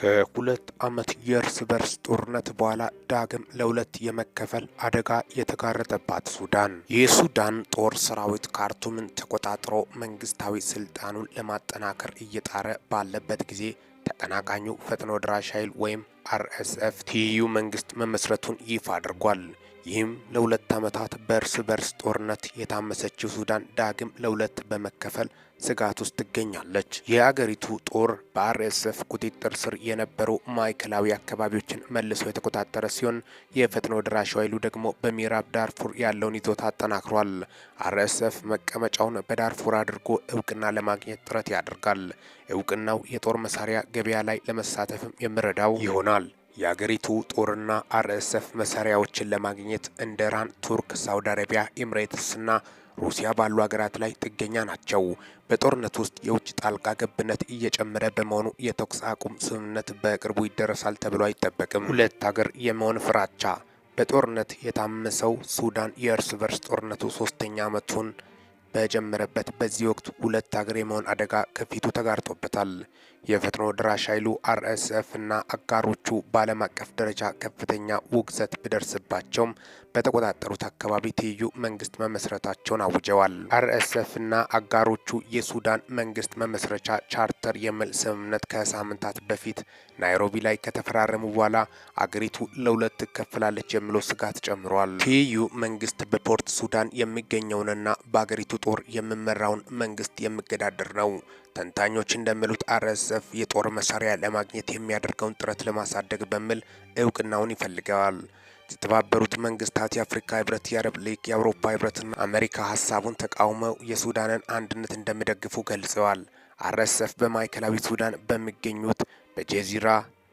ከሁለት ዓመት የእርስ በርስ ጦርነት በኋላ ዳግም ለሁለት የመከፈል አደጋ የተጋረጠባት ሱዳን። የሱዳን ጦር ሰራዊት ካርቱምን ተቆጣጥሮ መንግስታዊ ስልጣኑን ለማጠናከር እየጣረ ባለበት ጊዜ ተቀናቃኙ ፈጥኖ ድራሽ ኃይል ወይም አርኤስኤፍ ትይዩ መንግስት መመስረቱን ይፋ አድርጓል። ይህም ለሁለት ዓመታት በእርስ በርስ ጦርነት የታመሰችው ሱዳን ዳግም ለሁለት በመከፈል ስጋት ውስጥ ትገኛለች። የአገሪቱ ጦር በአርኤስኤፍ ቁጥጥር ስር የነበሩ ማዕከላዊ አካባቢዎችን መልሶ የተቆጣጠረ ሲሆን የፈጥኖ ድራሽ ኃይሉ ደግሞ በምዕራብ ዳርፉር ያለውን ይዞታ አጠናክሯል። አርኤስኤፍ መቀመጫውን በዳርፉር አድርጎ እውቅና ለማግኘት ጥረት ያደርጋል። እውቅናው የጦር መሳሪያ ገበያ ላይ ለመሳተፍም የሚረዳው ይሆናል። የአገሪቱ ጦርና አርኤስኤፍ መሳሪያዎችን ለማግኘት እንደ ኢራን፣ ቱርክ፣ ሳውዲ አረቢያ፣ ኤምሬትስና ሩሲያ ባሉ ሀገራት ላይ ጥገኛ ናቸው። በጦርነት ውስጥ የውጭ ጣልቃ ገብነት እየጨመረ በመሆኑ የተኩስ አቁም ስምምነት በቅርቡ ይደረሳል ተብሎ አይጠበቅም። ሁለት ሀገር የመሆን ፍራቻ በጦርነት የታመሰው ሱዳን የእርስ በርስ ጦርነቱ ሶስተኛ ዓመቱን በጀመረበት በዚህ ወቅት ሁለት ሀገር የመሆን አደጋ ከፊቱ ተጋርጦበታል። የፈጥኖ ድራሽ ኃይሉ አርኤስኤፍ እና አጋሮቹ በዓለም አቀፍ ደረጃ ከፍተኛ ውግዘት ቢደርስባቸውም በተቆጣጠሩት አካባቢ ትይዩ መንግስት መመስረታቸውን አውጀዋል። አርኤስኤፍ እና አጋሮቹ የሱዳን መንግስት መመስረቻ ቻርተር የሚል ስምምነት ከሳምንታት በፊት ናይሮቢ ላይ ከተፈራረሙ በኋላ አገሪቱ ለሁለት ትከፈላለች የሚለው ስጋት ጨምሯል። ትይዩ መንግስት በፖርት ሱዳን የሚገኘውንና በአገሪቱ ጦር የሚመራውን መንግስት የሚገዳደር ነው። ተንታኞች እንደሚሉት አርኤስኤፍ የጦር መሳሪያ ለማግኘት የሚያደርገውን ጥረት ለማሳደግ በሚል እውቅናውን ይፈልገዋል። የተባበሩት መንግስታት፣ የአፍሪካ ህብረት፣ የአረብ ሊግ፣ የአውሮፓ ህብረትና አሜሪካ ሀሳቡን ተቃውመው የሱዳንን አንድነት እንደሚደግፉ ገልጸዋል። አርኤስኤፍ በማዕከላዊ ሱዳን በሚገኙት በጄዚራ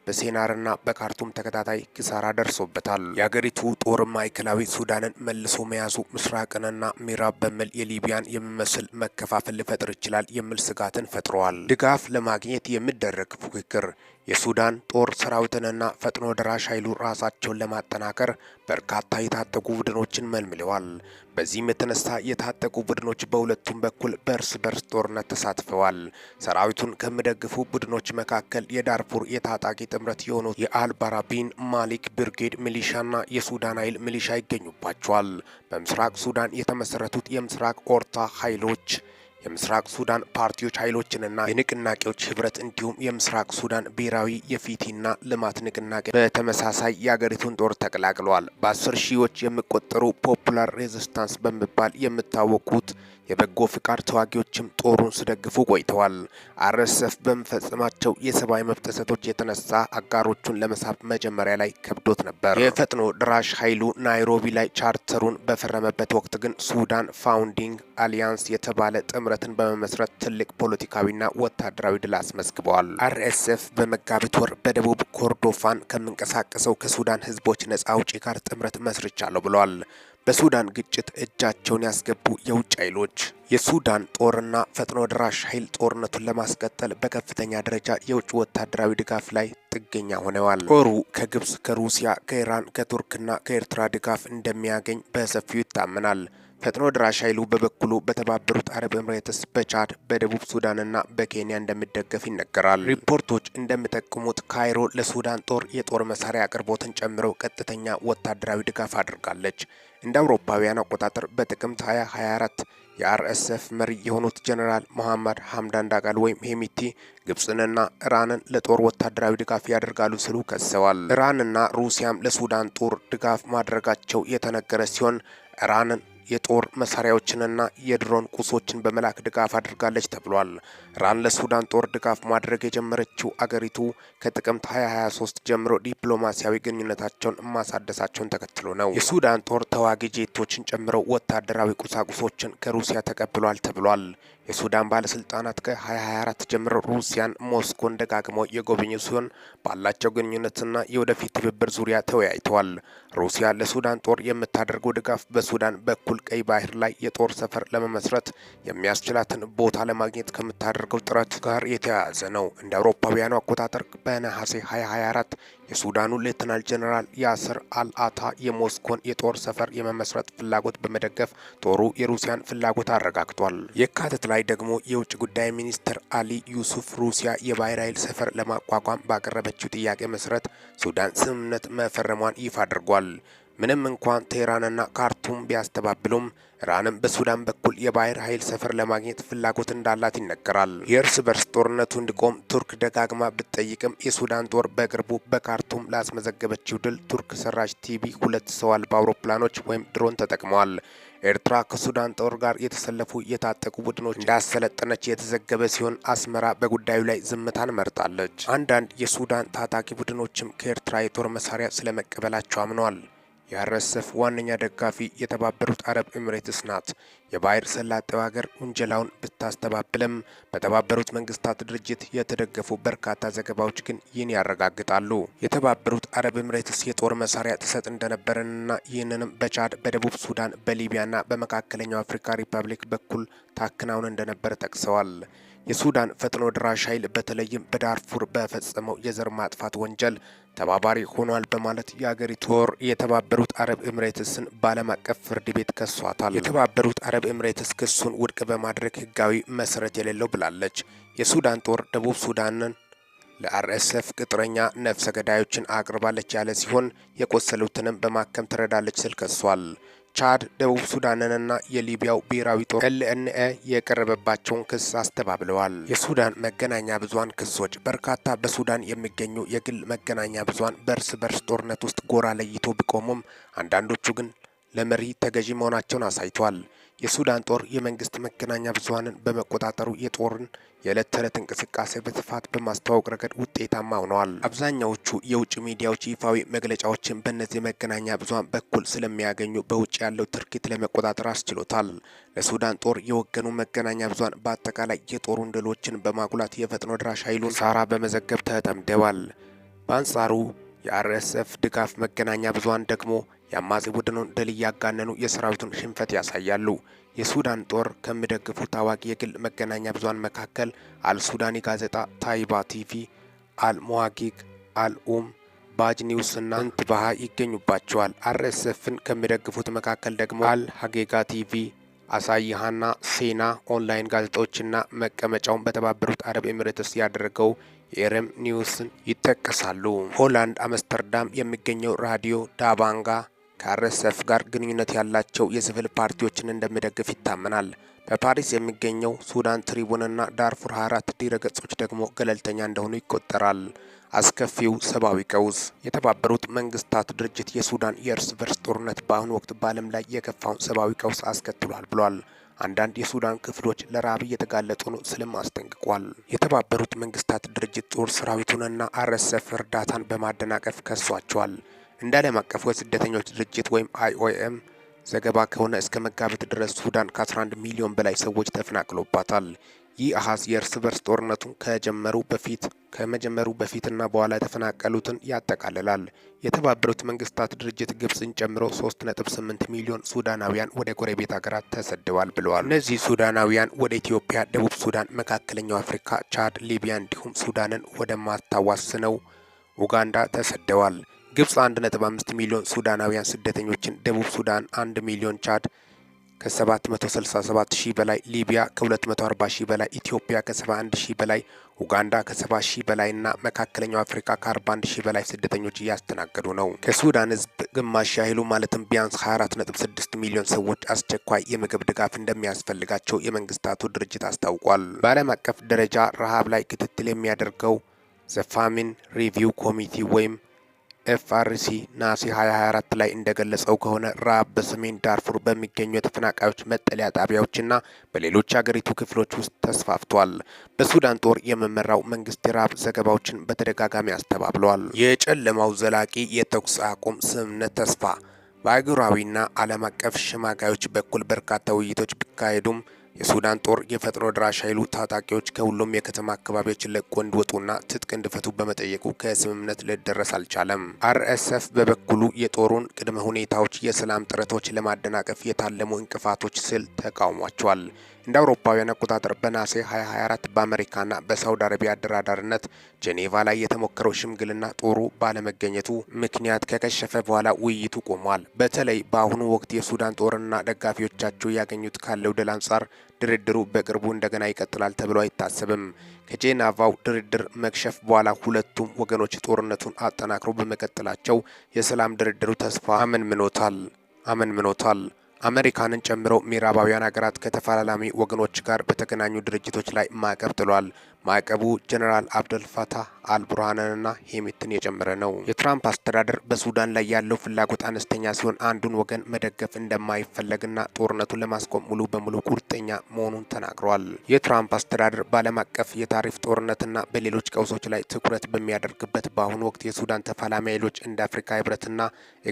በሴናርና በካርቱም ተከታታይ ኪሳራ ደርሶበታል። የአገሪቱ ጦር ማዕከላዊ ሱዳንን መልሶ መያዙ ምስራቅንና ምዕራብ በሚል የሊቢያን የሚመስል መከፋፈል ሊፈጥር ይችላል የሚል ስጋትን ፈጥረዋል። ድጋፍ ለማግኘት የሚደረግ ፉክክር የሱዳን ጦር ሰራዊትንና ፈጥኖ ደራሽ ኃይሉ ራሳቸውን ለማጠናከር በርካታ የታጠቁ ቡድኖችን መልምለዋል። በዚህም የተነሳ የታጠቁ ቡድኖች በሁለቱም በኩል በእርስ በርስ ጦርነት ተሳትፈዋል። ሰራዊቱን ከሚደግፉ ቡድኖች መካከል የዳርፉር የታጣቂ ጥምረት የሆኑት የአልባራቢን ማሊክ ብርጌድ ሚሊሻና የሱዳን ኃይል ሚሊሻ ይገኙባቸዋል። በምስራቅ ሱዳን የተመሰረቱት የምስራቅ ኦርታ ኃይሎች የምስራቅ ሱዳን ፓርቲዎች ኃይሎችንና የንቅናቄዎች ህብረት እንዲሁም የምስራቅ ሱዳን ብሔራዊ የፊቲና ልማት ንቅናቄ በተመሳሳይ የአገሪቱን ጦር ተቀላቅለዋል። በአስር ሺዎች የሚቆጠሩ ፖፑላር ሬዚስታንስ በመባል የሚታወቁት የበጎ ፍቃድ ተዋጊዎችም ጦሩን ሲደግፉ ቆይተዋል። አርኤስኤፍ በሚፈጽማቸው የሰብአዊ መብት ጥሰቶች የተነሳ አጋሮቹን ለመሳብ መጀመሪያ ላይ ከብዶት ነበር። የፈጥኖ ድራሽ ኃይሉ ናይሮቢ ላይ ቻርተሩን በፈረመበት ወቅት ግን ሱዳን ፋውንዲንግ አሊያንስ የተባለ ጥምረት ህብረትን በመመስረት ትልቅ ፖለቲካዊና ወታደራዊ ድል አስመዝግበዋል። አርኤስኤፍ በመጋቢት ወር በደቡብ ኮርዶፋን ከምንቀሳቀሰው ከሱዳን ህዝቦች ነጻ አውጪ ጋር ጥምረት መስርቻለሁ ብለዋል። በሱዳን ግጭት እጃቸውን ያስገቡ የውጭ ኃይሎች የሱዳን ጦርና ፈጥኖ ደራሽ ኃይል ጦርነቱን ለማስቀጠል በከፍተኛ ደረጃ የውጭ ወታደራዊ ድጋፍ ላይ ጥገኛ ሆነዋል። ጦሩ ከግብፅ፣ ከሩሲያ፣ ከኢራን፣ ከቱርክና ከኤርትራ ድጋፍ እንደሚያገኝ በሰፊው ይታመናል። ፈጥኖ ድራሽ ኃይሉ በበኩሉ በተባበሩት አረብ ኤምሬትስ በቻድ በደቡብ ሱዳንና በኬንያ እንደሚደገፍ ይነገራል። ሪፖርቶች እንደሚጠቅሙት ካይሮ ለሱዳን ጦር የጦር መሳሪያ አቅርቦትን ጨምሮ ቀጥተኛ ወታደራዊ ድጋፍ አድርጋለች። እንደ አውሮፓውያን አቆጣጠር በጥቅምት 2024 የአርኤስኤፍ መሪ የሆኑት ጀኔራል መሐመድ ሀምዳን ዳጋል ወይም ሄሚቲ ግብፅንና ኢራንን ለጦር ወታደራዊ ድጋፍ ያደርጋሉ ሲሉ ከሰዋል። ኢራንና ሩሲያም ለሱዳን ጦር ድጋፍ ማድረጋቸው የተነገረ ሲሆን ኢራንን የጦር መሳሪያዎችንና የድሮን ቁሶችን በመላክ ድጋፍ አድርጋለች ተብሏል። ኢራን ለሱዳን ጦር ድጋፍ ማድረግ የጀመረችው አገሪቱ ከጥቅምት 2023 ጀምሮ ዲፕሎማሲያዊ ግንኙነታቸውን ማሳደሳቸውን ተከትሎ ነው። የሱዳን ጦር ተዋጊ ጄቶችን ጨምሮ ወታደራዊ ቁሳቁሶችን ከሩሲያ ተቀብሏል ተብሏል። የሱዳን ባለስልጣናት ከ2024 ጀምሮ ሩሲያን ሞስኮን ደጋግመው የጎበኙ ሲሆን ባላቸው ግንኙነትና የወደፊት ትብብር ዙሪያ ተወያይተዋል። ሩሲያ ለሱዳን ጦር የምታደርገው ድጋፍ በሱዳን በኩል በኩል ቀይ ባህር ላይ የጦር ሰፈር ለመመስረት የሚያስችላትን ቦታ ለማግኘት ከምታደርገው ጥረት ጋር የተያያዘ ነው። እንደ አውሮፓውያኑ አቆጣጠር በነሐሴ 2024 የሱዳኑ ሌትናል ጀነራል ያስር አልአታ የሞስኮን የጦር ሰፈር የመመስረት ፍላጎት በመደገፍ ጦሩ የሩሲያን ፍላጎት አረጋግጧል። የካቲት ላይ ደግሞ የውጭ ጉዳይ ሚኒስትር አሊ ዩሱፍ ሩሲያ የባህር ኃይል ሰፈር ለማቋቋም ባቀረበችው ጥያቄ መሰረት ሱዳን ስምምነት መፈረሟን ይፋ አድርጓል። ምንም እንኳን ቴህራንና ካርቱም ቢያስተባብሉም ኢራንም በሱዳን በኩል የባህር ኃይል ሰፈር ለማግኘት ፍላጎት እንዳላት ይነገራል። የእርስ በርስ ጦርነቱ እንዲቆም ቱርክ ደጋግማ ብትጠይቅም የሱዳን ጦር በቅርቡ በካርቱም ላስመዘገበችው ድል ቱርክ ሰራሽ ቲቪ ሁለት ሰው አልባ አውሮፕላኖች ወይም ድሮን ተጠቅመዋል። ኤርትራ ከሱዳን ጦር ጋር የተሰለፉ የታጠቁ ቡድኖች እንዳሰለጠነች የተዘገበ ሲሆን አስመራ በጉዳዩ ላይ ዝምታን መርጣለች። አንዳንድ የሱዳን ታጣቂ ቡድኖችም ከኤርትራ የጦር መሳሪያ ስለመቀበላቸው አምነዋል። የአርኤስኤፍ ዋነኛ ደጋፊ የተባበሩት አረብ ኤምሬትስ ናት። የባህር ሰላጤው ሀገር ውንጀላውን ብታስተባብልም በተባበሩት መንግስታት ድርጅት የተደገፉ በርካታ ዘገባዎች ግን ይህን ያረጋግጣሉ። የተባበሩት አረብ ኤምሬትስ የጦር መሳሪያ ትሰጥ እንደነበረንና ይህንንም በቻድ፣ በደቡብ ሱዳን፣ በሊቢያና በመካከለኛው አፍሪካ ሪፐብሊክ በኩል ታክናውን እንደነበር ጠቅሰዋል። የሱዳን ፈጥኖ ድራሽ ኃይል በተለይም በዳርፉር በፈጸመው የዘር ማጥፋት ወንጀል ተባባሪ ሆኗል በማለት የአገሪቱ ጦር የተባበሩት አረብ ኤምሬትስን በዓለም አቀፍ ፍርድ ቤት ከሷታል። የተባበሩት አረብ ኤምሬትስ ክሱን ውድቅ በማድረግ ህጋዊ መሰረት የሌለው ብላለች። የሱዳን ጦር ደቡብ ሱዳንን ለአርኤስኤፍ ቅጥረኛ ነፍሰ ገዳዮችን አቅርባለች ያለ ሲሆን የቆሰሉትንም በማከም ትረዳለች ስል ከሷል። ቻድ፣ ደቡብ ሱዳንንና የሊቢያው ብሔራዊ ጦር ኤልኤንኤ የቀረበባቸውን ክስ አስተባብለዋል። የሱዳን መገናኛ ብዙኃን ክሶች በርካታ በሱዳን የሚገኙ የግል መገናኛ ብዙኃን በእርስ በርስ ጦርነት ውስጥ ጎራ ለይቶ ቢቆሙም አንዳንዶቹ ግን ለመሪ ተገዢ መሆናቸውን አሳይቷል። የሱዳን ጦር የመንግስት መገናኛ ብዙሀንን በመቆጣጠሩ የጦርን የዕለት ተዕለት እንቅስቃሴ በስፋት በማስተዋወቅ ረገድ ውጤታማ ሆነዋል። አብዛኛዎቹ የውጭ ሚዲያዎች ይፋዊ መግለጫዎችን በእነዚህ መገናኛ ብዙኃን በኩል ስለሚያገኙ በውጭ ያለው ትርኪት ለመቆጣጠር አስችሎታል። ለሱዳን ጦር የወገኑ መገናኛ ብዙሀን በአጠቃላይ የጦሩን ድሎችን በማጉላት የፈጥኖ ድራሽ ኃይሉን ሳራ በመዘገብ ተጠምደዋል። በአንጻሩ የአርኤስኤፍ ድጋፍ መገናኛ ብዙሀን ደግሞ የአማጺ ቡድኑን ድል እያጋነኑ የሰራዊቱን ሽንፈት ያሳያሉ። የሱዳን ጦር ከሚደግፉ ታዋቂ የግል መገናኛ ብዙሃን መካከል አልሱዳኒ ጋዜጣ፣ ታይባ ቲቪ፣ አልሞዋጊግ፣ አልኡም፣ ባጅ ኒውስ እና እንትባሃ ይገኙባቸዋል። አርኤስኤፍን ከሚደግፉት መካከል ደግሞ አል ሀጌጋ ቲቪ አሳይሃና ሴና ኦንላይን ጋዜጦችና መቀመጫውን በተባበሩት አረብ ኤምሬትስ ያደረገው የኤረም ኒውስን ይጠቀሳሉ። ሆላንድ አምስተርዳም የሚገኘው ራዲዮ ዳባንጋ ከአርኤስኤፍ ጋር ግንኙነት ያላቸው የሲቪል ፓርቲዎችን እንደሚደግፍ ይታመናል። በፓሪስ የሚገኘው ሱዳን ትሪቡንና ዳርፉር 24 ድረገጾች ደግሞ ገለልተኛ እንደሆኑ ይቆጠራል። አስከፊው ሰብአዊ ቀውስ የተባበሩት መንግስታት ድርጅት የሱዳን የእርስ በርስ ጦርነት በአሁኑ ወቅት በዓለም ላይ የከፋውን ሰብአዊ ቀውስ አስከትሏል ብሏል። አንዳንድ የሱዳን ክፍሎች ለራብ እየተጋለጡ ነው ስልም አስጠንቅቋል። የተባበሩት መንግስታት ድርጅት ጦር ሰራዊቱንና አርኤስኤፍ እርዳታን በማደናቀፍ ከሷቸዋል። እንደ ዓለም አቀፉ የስደተኞች ድርጅት ወይም አይኦኤም ዘገባ ከሆነ እስከ መጋቢት ድረስ ሱዳን ከ11 ሚሊዮን በላይ ሰዎች ተፈናቅሎባታል። ይህ አሀዝ የእርስ በርስ ጦርነቱን ከጀመሩ በፊት ከመጀመሩ በፊትና በኋላ የተፈናቀሉትን ያጠቃልላል። የተባበሩት መንግስታት ድርጅት ግብጽን ጨምሮ 3.8 ሚሊዮን ሱዳናውያን ወደ ጎረቤት ሀገራት ተሰደዋል ብለዋል። እነዚህ ሱዳናውያን ወደ ኢትዮጵያ፣ ደቡብ ሱዳን፣ መካከለኛው አፍሪካ፣ ቻድ፣ ሊቢያ እንዲሁም ሱዳንን ወደማታዋስነው ኡጋንዳ ተሰደዋል። ግብጽ 1.5 ሚሊዮን ሱዳናውያን ስደተኞችን፣ ደቡብ ሱዳን 1 ሚሊዮን፣ ቻድ ከ767 ሺህ በላይ፣ ሊቢያ ከ240 ሺህ በላይ፣ ኢትዮጵያ ከ71 ሺህ በላይ፣ ኡጋንዳ ከ70 ሺህ በላይ እና መካከለኛው አፍሪካ ከ41 ሺህ በላይ ስደተኞች እያስተናገዱ ነው። ከሱዳን ህዝብ ግማሽ ያህሉ ማለትም ቢያንስ 24.6 ሚሊዮን ሰዎች አስቸኳይ የምግብ ድጋፍ እንደሚያስፈልጋቸው የመንግስታቱ ድርጅት አስታውቋል። በዓለም አቀፍ ደረጃ ረሃብ ላይ ክትትል የሚያደርገው ዘፋሚን ሪቪው ኮሚቲ ወይም ኤፍአርሲ ናሲ 2024 ላይ እንደገለጸው ከሆነ ረሃብ በሰሜን ዳርፉር በሚገኙ የተፈናቃዮች መጠለያ ጣቢያዎችና በሌሎች አገሪቱ ክፍሎች ውስጥ ተስፋፍቷል። በሱዳን ጦር የሚመራው መንግስት የረሃብ ዘገባዎችን በተደጋጋሚ አስተባብለዋል። የጨለማው ዘላቂ የተኩስ አቁም ስምምነት ተስፋ በአህጉራዊና ዓለም አቀፍ ሸማጋዮች በኩል በርካታ ውይይቶች ቢካሄዱም የሱዳን ጦር የፈጥኖ ድራሽ ኃይሉ ታጣቂዎች ከሁሉም የከተማ አካባቢዎች ለቆ እንዲወጡና ትጥቅ እንዲፈቱ በመጠየቁ ከስምምነት ልደረስ አልቻለም። አርኤስኤፍ በበኩሉ የጦሩን ቅድመ ሁኔታዎች የሰላም ጥረቶች ለማደናቀፍ የታለሙ እንቅፋቶች ስል ተቃውሟቸዋል። እንደ አውሮፓውያን አቆጣጠር በናሴ 2024 በአሜሪካና በሳውዲ አረቢያ አደራዳሪነት ጄኔቫ ላይ የተሞከረው ሽምግልና ጦሩ ባለመገኘቱ ምክንያት ከከሸፈ በኋላ ውይይቱ ቆሟል። በተለይ በአሁኑ ወቅት የሱዳን ጦርና ደጋፊዎቻቸው ያገኙት ካለው ድል አንጻር ድርድሩ በቅርቡ እንደገና ይቀጥላል ተብሎ አይታሰብም። ከጄኔቫው ድርድር መክሸፍ በኋላ ሁለቱም ወገኖች ጦርነቱን አጠናክሮ በመቀጠላቸው የሰላም ድርድሩ ተስፋ አመንምኖታል አመንምኖታል። አሜሪካንን ጨምሮ ምዕራባውያን ሀገራት ከተፈላላሚ ወገኖች ጋር በተገናኙ ድርጅቶች ላይ ማዕቀብ ጥሏል። ማዕቀቡ ጀኔራል አብደል ፋታህ አልቡርሃንንና ሄሜትን የጨመረ ነው። የትራምፕ አስተዳደር በሱዳን ላይ ያለው ፍላጎት አነስተኛ ሲሆን አንዱን ወገን መደገፍ እንደማይፈለግና ጦርነቱን ለማስቆም ሙሉ በሙሉ ቁርጠኛ መሆኑን ተናግረዋል። የትራምፕ አስተዳደር በዓለም አቀፍ የታሪፍ ጦርነትና በሌሎች ቀውሶች ላይ ትኩረት በሚያደርግበት በአሁኑ ወቅት የሱዳን ተፋላሚ ኃይሎች እንደ አፍሪካ ህብረትና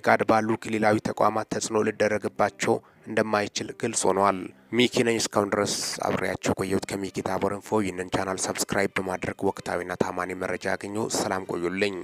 ኢጋድ ባሉ ክልላዊ ተቋማት ተጽዕኖ ሊደረግባቸው እንደማይችል ግልጽ ሆኗል። ሚኪ ነኝ። እስካሁን ድረስ አብሬያቸው ቆየሁት። ከሚኪ ታቦር ኢንፎ። ይህንን ቻናል ሰብስክራይብ በማድረግ ወቅታዊና ታማኒ መረጃ ያገኙ። ሰላም ቆዩልኝ።